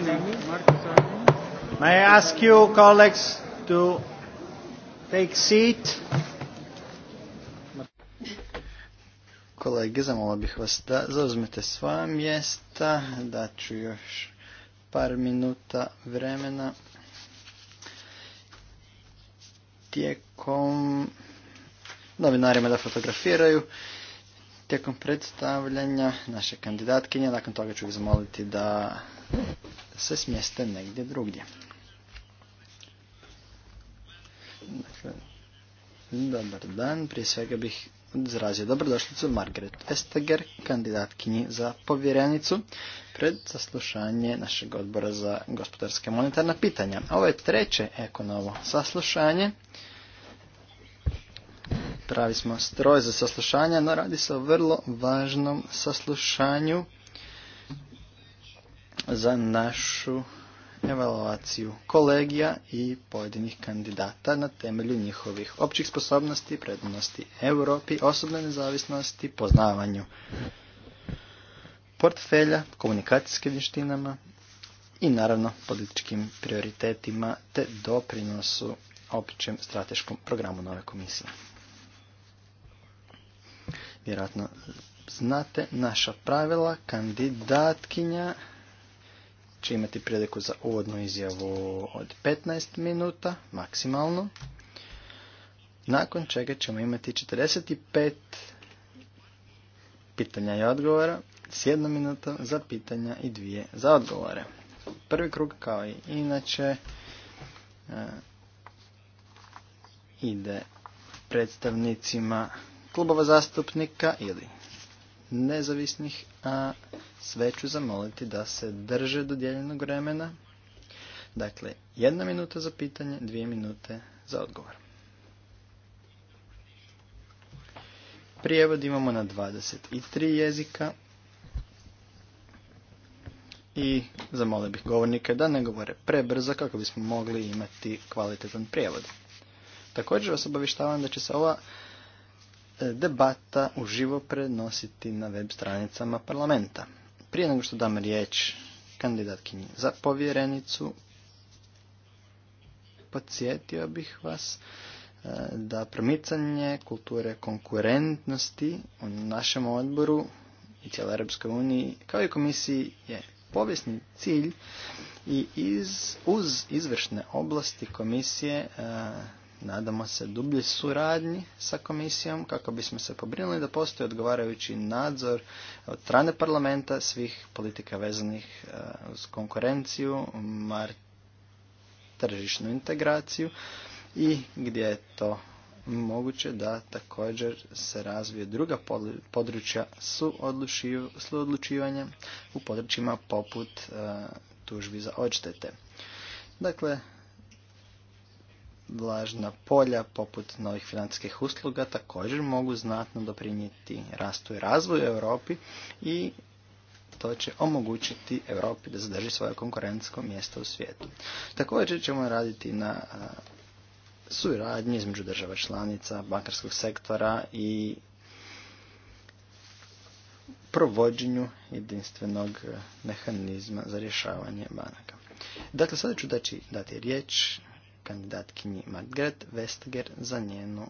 May I ask you, colleagues, to take seat? Kolege, zamola bih vas da zauzmete svoja mjesta, da ću još par minuta vremena tijekom novinarima da fotografiraju. Tijekom predstavljanja naše kandidatkinje, nakon toga ću ih zamoliti da se smjeste negdje drugdje. Dakle, dobar dan, prije svega bih izrazio dobrodošlicu Margaret Vestager, kandidatkinji za povjerenicu, pred saslušanje našeg odbora za gospodarske monetarna pitanja. Ovo je treće ekonovo saslušanje pravi smo stroj za saslušanje, no radi se o vrlo važnom saslušanju za našu evaluaciju kolegija i pojedinih kandidata na temelju njihovih općih sposobnosti, prednosti Europi, osobne nezavisnosti, poznavanju portfelja, komunikacijskim vještinama i naravno političkim prioritetima te doprinosu općem strateškom programu nove komisije vjerojatno znate, naša pravila kandidatkinja će imati priliku za uvodnu izjavu od 15 minuta maksimalno, nakon čega ćemo imati 45 pitanja i odgovora s jednom minutom za pitanja i dvije za odgovore. Prvi krug kao i inače e, ide predstavnicima klubova zastupnika ili nezavisnih, a sve ću zamoliti da se drže dijeljenog vremena. Dakle, jedna minuta za pitanje, dvije minute za odgovor. Prijevod imamo na 23 jezika i zamolio bih govornike da ne govore prebrzo kako bismo mogli imati kvalitetan prijevod. Također vas obavištavam da će se ova E, debata uživo prenositi na web stranicama parlamenta. Prije nego što dam riječ kandidatkinji za povjerenicu, podsjetio bih vas e, da promicanje kulture konkurentnosti u našem odboru i cijeloj Europskoj uniji kao i komisiji je povijesni cilj i iz, uz izvršne oblasti komisije e, Nadamo se dublje suradnji sa komisijom kako bismo se pobrinuli da postoji odgovarajući nadzor od strane parlamenta svih politika vezanih e, uz konkurenciju, mar tržišnu integraciju i gdje je to moguće da također se razvije druga područja suodlučivanja u područjima poput e, tužbi za odštete. Dakle, Vlažna polja, poput novih financijskih usluga, također mogu znatno doprinijeti rastu i razvoju Europi i to će omogućiti Europi da zadrži svoje konkurentsko mjesto u svijetu. Također ćemo raditi na suradnji između država članica, bankarskog sektora i provođenju jedinstvenog mehanizma za rješavanje banaka. Dakle, sada ću dati riječ kandidatkinji Margaret Vestager za njenu